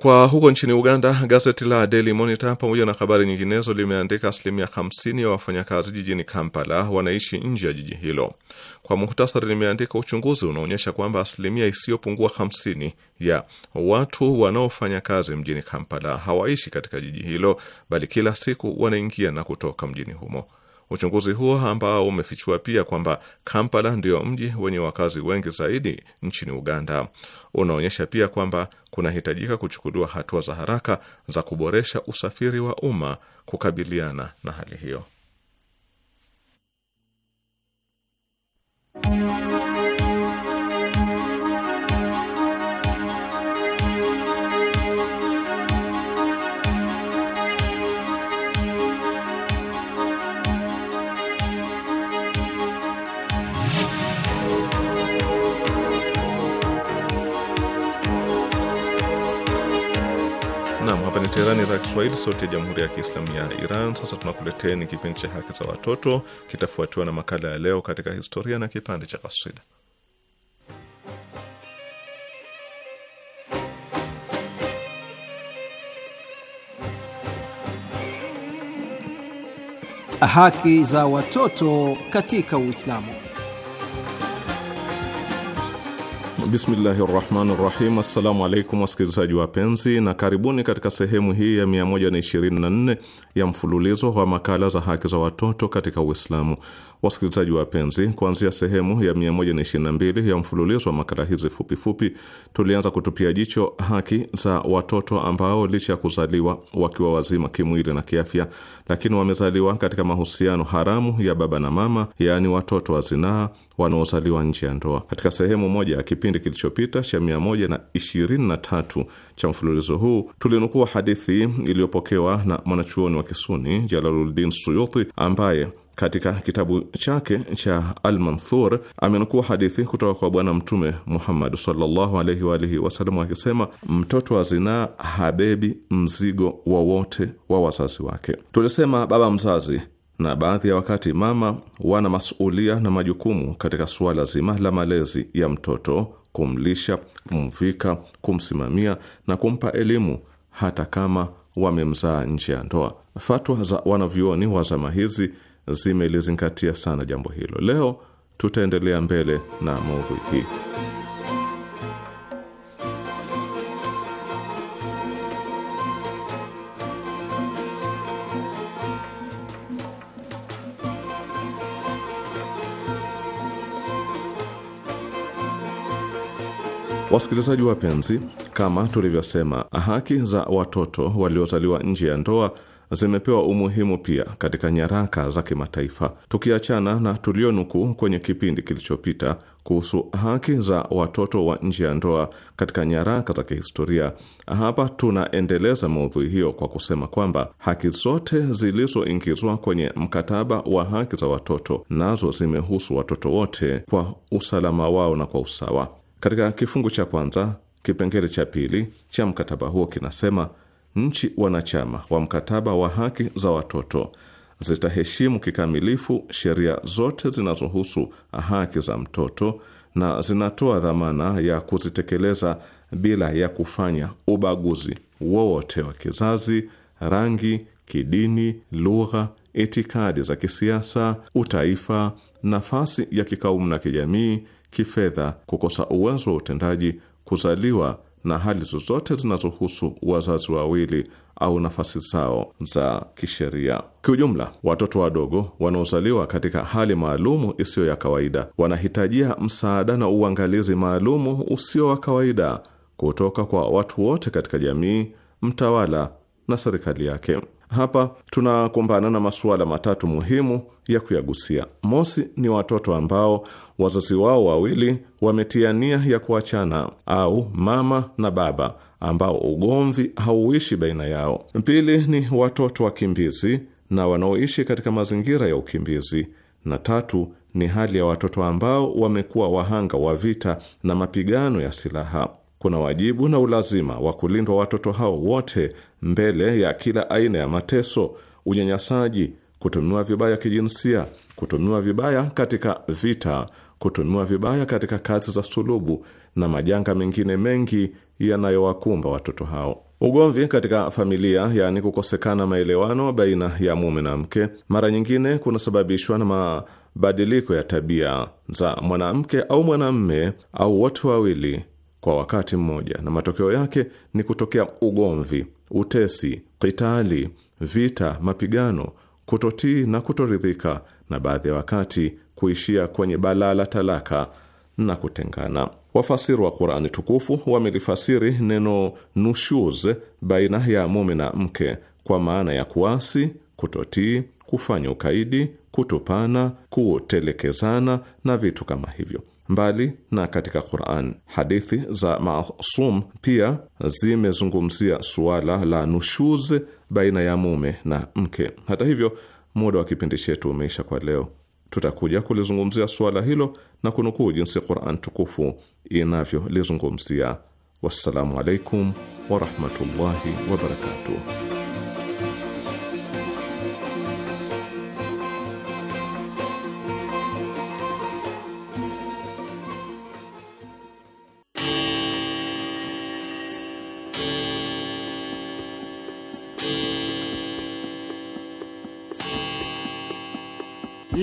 Kwa huko nchini Uganda, gazeti la Daily Monitor pamoja na habari nyinginezo limeandika asilimia 50 ya wafanyakazi jijini Kampala wanaishi nje ya jiji hilo. Kwa muhtasari, limeandika uchunguzi unaonyesha kwamba asilimia isiyopungua 50 ya watu wanaofanya kazi mjini Kampala hawaishi katika jiji hilo, bali kila siku wanaingia na kutoka mjini humo. Uchunguzi huo ambao umefichua pia kwamba Kampala ndio mji wenye wakazi wengi zaidi nchini Uganda unaonyesha pia kwamba kunahitajika kuchukuliwa hatua za haraka za kuboresha usafiri wa umma kukabiliana na hali hiyo. Teherani, idhaa Kiswahili, sauti ya jamhuri ya kiislamu ya Iran. Sasa tunakuletea ni kipindi cha haki za watoto, kitafuatiwa na makala ya leo katika historia na kipande cha kaswida. Haki za watoto katika Uislamu. Bismillahi rahmani rahim. Assalamu alaikum wasikilizaji wapenzi, na karibuni katika sehemu hii ya 124 ya mfululizo wa makala za haki za watoto katika Uislamu. Wasikilizaji wapenzi, kuanzia sehemu ya 122 ya mfululizo wa makala hizi fupifupi, tulianza kutupia jicho haki za watoto ambao licha ya kuzaliwa wakiwa wazima kimwili na kiafya, lakini wamezaliwa katika mahusiano haramu ya baba na mama, yaani watoto wa zinaa wanaozaliwa nje ya ndoa. Katika sehemu moja ya kipindi kilichopita cha 123 cha mfululizo huu tulinukua hadithi iliyopokewa na mwanachuoni wa Kisuni Jalaluddin Suyuti ambaye katika kitabu chake cha Al-Manthur amenukua hadithi kutoka kwa Bwana Mtume Muhammad sallallahu alaihi wa alihi wasallam akisema, mtoto wa zinaa habebi mzigo wowote wa, wa wazazi wake. Tulisema baba mzazi na baadhi ya wakati mama wana masulia na majukumu katika suala zima la malezi ya mtoto, kumlisha, kumvika, kumsimamia na kumpa elimu hata kama wamemzaa nje ya ndoa. Fatwa za wanavyuoni wa zama hizi zimelizingatia sana jambo hilo. Leo tutaendelea mbele na maudhui hii. Wasikilizaji wapenzi, kama tulivyosema, haki za watoto waliozaliwa nje ya ndoa zimepewa umuhimu pia katika nyaraka za kimataifa, tukiachana na tulionukuu kwenye kipindi kilichopita kuhusu haki za watoto wa nje ya ndoa katika nyaraka za kihistoria. Hapa tunaendeleza maudhui hiyo kwa kusema kwamba haki zote zilizoingizwa kwenye mkataba wa haki za watoto nazo zimehusu watoto wote kwa usalama wao na kwa usawa. Katika kifungu cha kwanza kipengele cha pili cha mkataba huo kinasema nchi wanachama wa mkataba wa haki za watoto zitaheshimu kikamilifu sheria zote zinazohusu haki za mtoto na zinatoa dhamana ya kuzitekeleza bila ya kufanya ubaguzi wowote wa kizazi, rangi, kidini, lugha, itikadi za kisiasa, utaifa, nafasi ya kikaumu na kijamii, kifedha, kukosa uwezo wa utendaji, kuzaliwa na hali zozote zinazohusu wazazi wawili au nafasi zao za kisheria. Kiujumla, watoto wadogo wanaozaliwa katika hali maalumu isiyo ya kawaida wanahitajia msaada na uangalizi maalumu usio wa kawaida kutoka kwa watu wote katika jamii, mtawala na serikali yake. Hapa tunakumbana na masuala matatu muhimu ya kuyagusia. Mosi, ni watoto ambao wazazi wao wawili wametia nia ya kuachana au mama na baba ambao ugomvi hauishi baina yao. Pili ni watoto wakimbizi na wanaoishi katika mazingira ya ukimbizi, na tatu ni hali ya watoto ambao wamekuwa wahanga wa vita na mapigano ya silaha. Kuna wajibu na ulazima wa kulindwa watoto hao wote mbele ya kila aina ya mateso, unyanyasaji, kutumiwa vibaya kijinsia, kutumiwa vibaya katika vita, kutumiwa vibaya katika kazi za sulubu na majanga mengine mengi yanayowakumba watoto hao. Ugomvi katika familia, yaani kukosekana maelewano baina ya mume na mke, mara nyingine kunasababishwa na mabadiliko ya tabia za mwanamke au mwanamme au wote wawili kwa wakati mmoja, na matokeo yake ni kutokea ugomvi, utesi, kitali, vita, mapigano, kutotii na kutoridhika, na baadhi ya wakati kuishia kwenye balaa la talaka na kutengana. Wafasiri wa Qurani tukufu wamelifasiri neno nushuz baina ya mume na mke kwa maana ya kuasi, kutotii, kufanya ukaidi, kutupana, kutelekezana na vitu kama hivyo. Mbali na katika Quran, hadithi za Masum pia zimezungumzia suala la nushuz baina ya mume na mke. Hata hivyo, muda wa kipindi chetu umeisha kwa leo. Tutakuja kulizungumzia suala hilo na kunukuu jinsi Quran tukufu inavyolizungumzia. Wassalamu alaikum warahmatullahi wabarakatuh.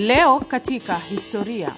Leo katika historia.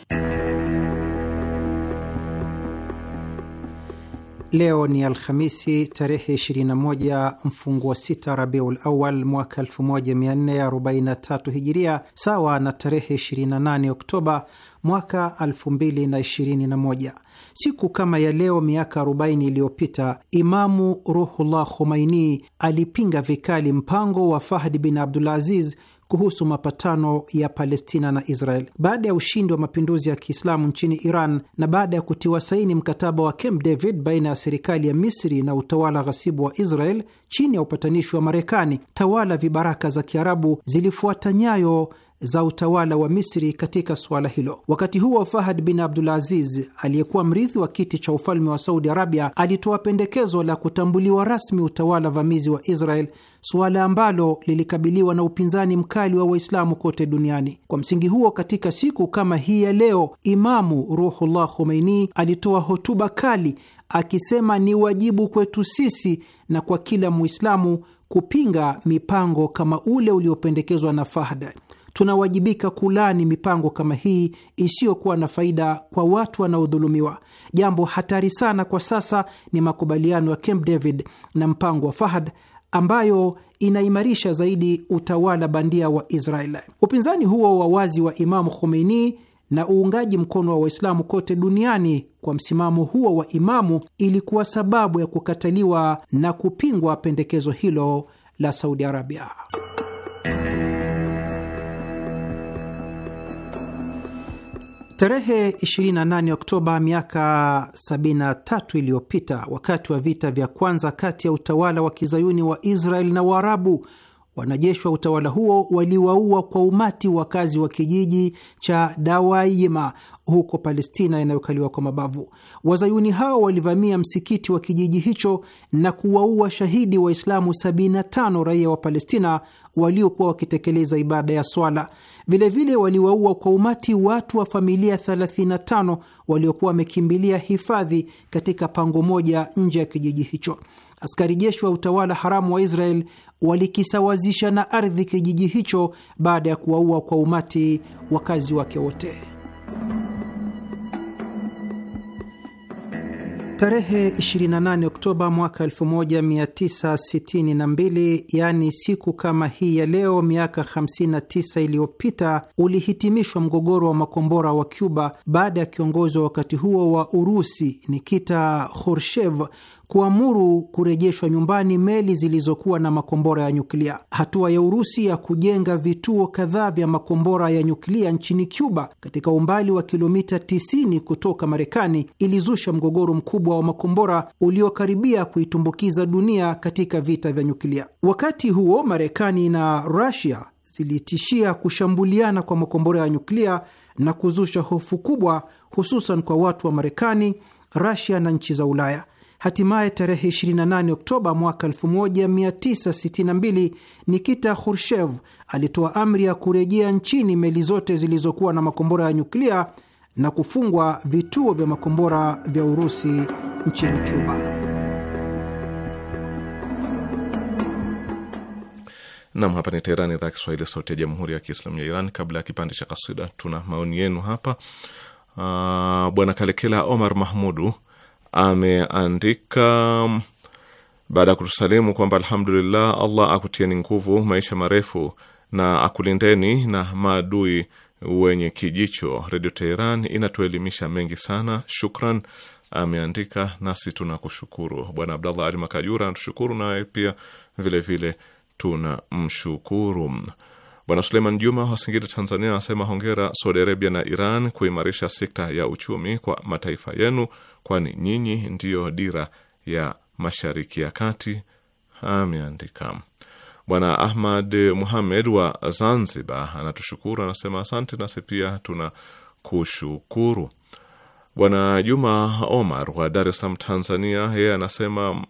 Leo ni Alhamisi tarehe 21 mfunguo sita Rabiul Awal mwaka 1443 Hijiria, sawa na tarehe 28 Oktoba mwaka 2021. Siku kama ya leo miaka 40 iliyopita Imamu Ruhullah Khomeini alipinga vikali mpango wa Fahdi bin Abdulaziz kuhusu mapatano ya Palestina na Israel. Baada ya ushindi wa mapinduzi ya Kiislamu nchini Iran na baada ya kutiwa saini mkataba wa Camp David baina ya serikali ya Misri na utawala ghasibu wa Israel chini ya upatanishi wa Marekani, tawala vibaraka za Kiarabu zilifuata nyayo za utawala wa Misri katika suala hilo. Wakati huo, Fahad bin Abdulaziz aliyekuwa mrithi wa kiti cha ufalme wa Saudi Arabia alitoa pendekezo la kutambuliwa rasmi utawala vamizi wa Israel, suala ambalo lilikabiliwa na upinzani mkali wa Waislamu kote duniani. Kwa msingi huo, katika siku kama hii ya leo, Imamu Ruhullah Khomeini alitoa hotuba kali akisema ni wajibu kwetu sisi na kwa kila Muislamu kupinga mipango kama ule uliopendekezwa na Fahad tunawajibika kulani mipango kama hii isiyokuwa na faida kwa watu wanaodhulumiwa. Jambo hatari sana kwa sasa ni makubaliano ya Camp David na mpango wa Fahad ambayo inaimarisha zaidi utawala bandia wa israel Upinzani huo wa wazi wa Imamu Khomeini na uungaji mkono wa Waislamu kote duniani kwa msimamo huo wa Imamu ilikuwa sababu ya kukataliwa na kupingwa pendekezo hilo la Saudi Arabia. Tarehe 28 Oktoba miaka 73 iliyopita, wakati wa vita vya kwanza kati ya utawala wa kizayuni wa Israel na Waarabu Wanajeshi wa utawala huo waliwaua kwa umati wakazi wa kijiji cha Dawayima huko Palestina inayokaliwa kwa mabavu. Wazayuni hao walivamia msikiti wa kijiji hicho na kuwaua shahidi Waislamu 75 raia wa Palestina waliokuwa wakitekeleza ibada ya swala. Vilevile waliwaua kwa umati watu wa familia 35 waliokuwa wamekimbilia hifadhi katika pango moja nje ya kijiji hicho askari jeshi wa utawala haramu wa Israel walikisawazisha na ardhi kijiji hicho baada ya kuwaua kwa umati wakazi wake wote. Tarehe 28 Oktoba mwaka 1962, yaani siku kama hii ya leo miaka 59 iliyopita, ulihitimishwa mgogoro wa makombora wa Cuba baada ya kiongozi wa wakati huo wa Urusi Nikita Khrushchev kuamuru kurejeshwa nyumbani meli zilizokuwa na makombora ya nyuklia. Hatua ya Urusi ya kujenga vituo kadhaa vya makombora ya nyuklia nchini Cuba katika umbali wa kilomita 90 kutoka Marekani ilizusha mgogoro mkubwa wa makombora uliokaribia kuitumbukiza dunia katika vita vya nyuklia. Wakati huo, Marekani na Rusia zilitishia kushambuliana kwa makombora ya nyuklia na kuzusha hofu kubwa, hususan kwa watu wa Marekani, Rusia na nchi za Ulaya. Hatimaye tarehe 28 Oktoba mwaka 1962 Nikita Khrushchev alitoa amri ya kurejea nchini meli zote zilizokuwa na makombora ya nyuklia na kufungwa vituo vya makombora vya Urusi nchini Cuba. Nam, hapa ni Teherani, idhaa Kiswahili, sauti ya jamhuri ya kiislamu ya Iran. Kabla ya kipande cha kasida, tuna maoni yenu hapa. Uh, bwana Kalekela Omar Mahmudu ameandika baada ya kutusalimu kwamba alhamdulillah, Allah akutieni nguvu, maisha marefu na akulindeni na maadui wenye kijicho. Redio Teheran inatuelimisha mengi sana, shukran. Ameandika nasi tunakushukuru. Bwana Abdallah Ali Makajura anatushukuru, naye pia vilevile tuna mshukuru Bwana Suleiman Juma wa Singida, Tanzania, anasema hongera Saudi Arabia na Iran kuimarisha sekta ya uchumi kwa mataifa yenu, kwani nyinyi ndiyo dira ya mashariki ya kati. Ameandika Bwana Ahmad Muhamed wa Zanzibar, anatushukuru anasema asante, nasi pia tuna kushukuru. Bwana Juma Omar wa Dar es Salaam, Tanzania, yeye anasema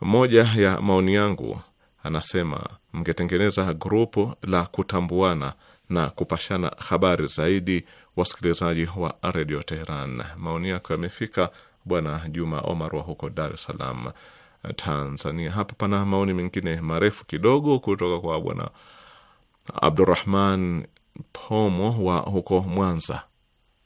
moja ya maoni yangu anasema mngetengeneza grupu la kutambuana na kupashana habari zaidi, wasikilizaji wa redio Teheran. Maoni yako yamefika, Bwana Juma Omar wa huko Dar es Salaam, Tanzania. Hapa pana maoni mengine marefu kidogo kutoka kwa Bwana Abdurahman Pomo wa huko Mwanza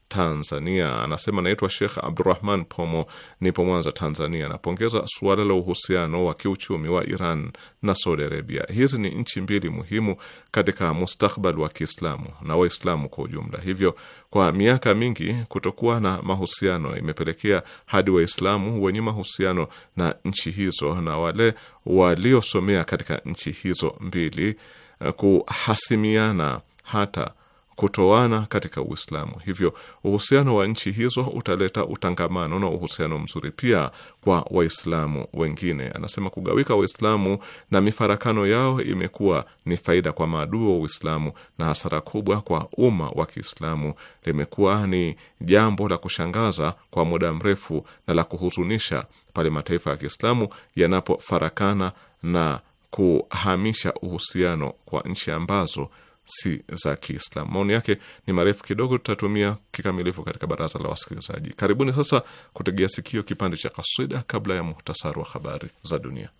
Tanzania. Anasema naitwa Sheikh Abdurrahman Pomo, nipo Mwanza, Tanzania. Napongeza suala la uhusiano wa kiuchumi wa Iran na Saudi Arabia. Hizi ni nchi mbili muhimu katika mustakbal wa Kiislamu na Waislamu kwa ujumla. Hivyo kwa miaka mingi kutokuwa na mahusiano imepelekea hadi Waislamu wenye mahusiano na nchi hizo na wale waliosomea katika nchi hizo mbili eh, kuhasimiana hata kutoana katika Uislamu. Hivyo uhusiano wa nchi hizo utaleta utangamano na uhusiano mzuri pia kwa Waislamu wengine. Anasema kugawika Waislamu na mifarakano yao imekuwa ni faida kwa maadui wa Uislamu na hasara kubwa kwa umma wa Kiislamu. Limekuwa ni jambo la kushangaza kwa muda mrefu na la kuhuzunisha pale mataifa ya Kiislamu yanapofarakana na kuhamisha uhusiano kwa nchi ambazo si za Kiislamu. Maoni yake ni marefu kidogo, tutatumia kikamilifu katika baraza la wasikilizaji. Karibuni sasa kutegea sikio kipande cha kaswida kabla ya muhtasari wa habari za dunia.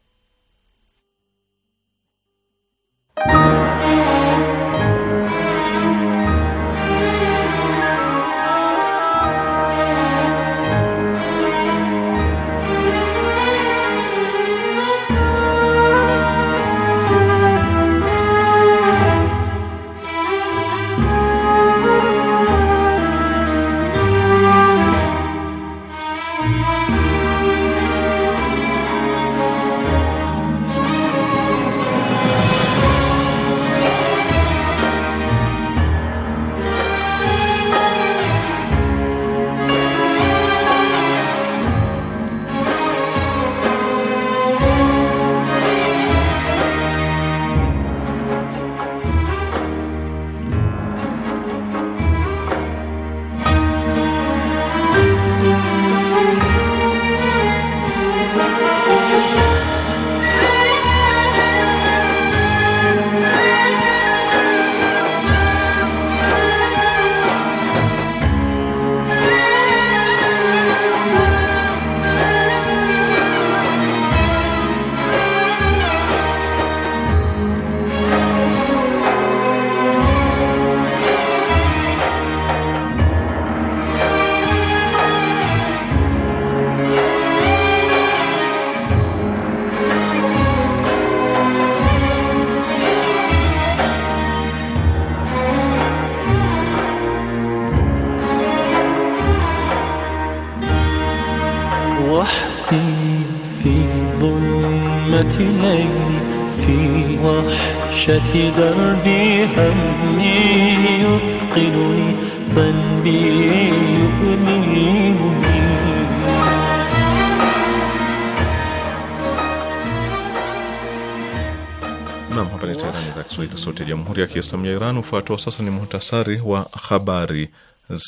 Jamhuri ya Kiislamu ya Iran. Ufuatao sasa ni muhtasari wa habari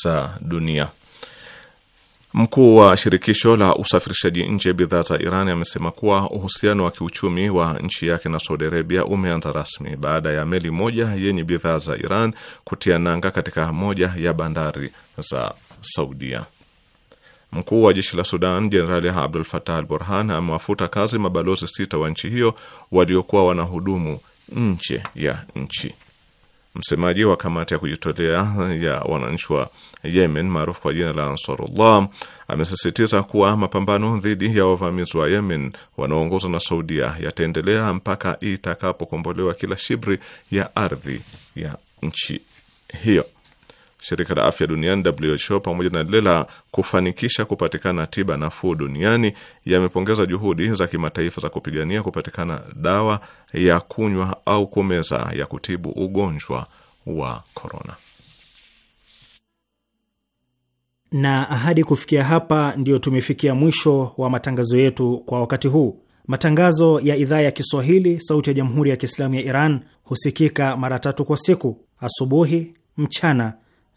za dunia. Mkuu wa shirikisho la usafirishaji nje bidhaa za Iran amesema kuwa uhusiano wa kiuchumi wa nchi yake na Saudi Arabia umeanza rasmi baada ya meli moja yenye bidhaa za Iran kutia nanga katika moja ya bandari za Saudia. Mkuu wa jeshi la Sudan Jenerali Abdul Fatah al Burhan amewafuta kazi mabalozi sita wa nchi hiyo waliokuwa wanahudumu nje ya nchi. Msemaji wa kamati ya kujitolea ya wananchi wa Yemen maarufu kwa jina la Ansarullah amesisitiza kuwa mapambano dhidi ya wavamizi wa Yemen wanaoongozwa na Saudia yataendelea mpaka itakapokombolewa kila shibri ya ardhi ya nchi hiyo shirika la afya duniani WHO pamoja na lile la kufanikisha kupatikana tiba nafuu duniani yamepongeza juhudi za kimataifa za kupigania kupatikana dawa ya kunywa au kumeza ya kutibu ugonjwa wa korona. Na ahadi kufikia hapa, ndiyo tumefikia mwisho wa matangazo yetu kwa wakati huu. Matangazo ya idhaa ya Kiswahili sauti ya jamhuri ya Kiislamu ya Iran husikika mara tatu kwa siku: asubuhi, mchana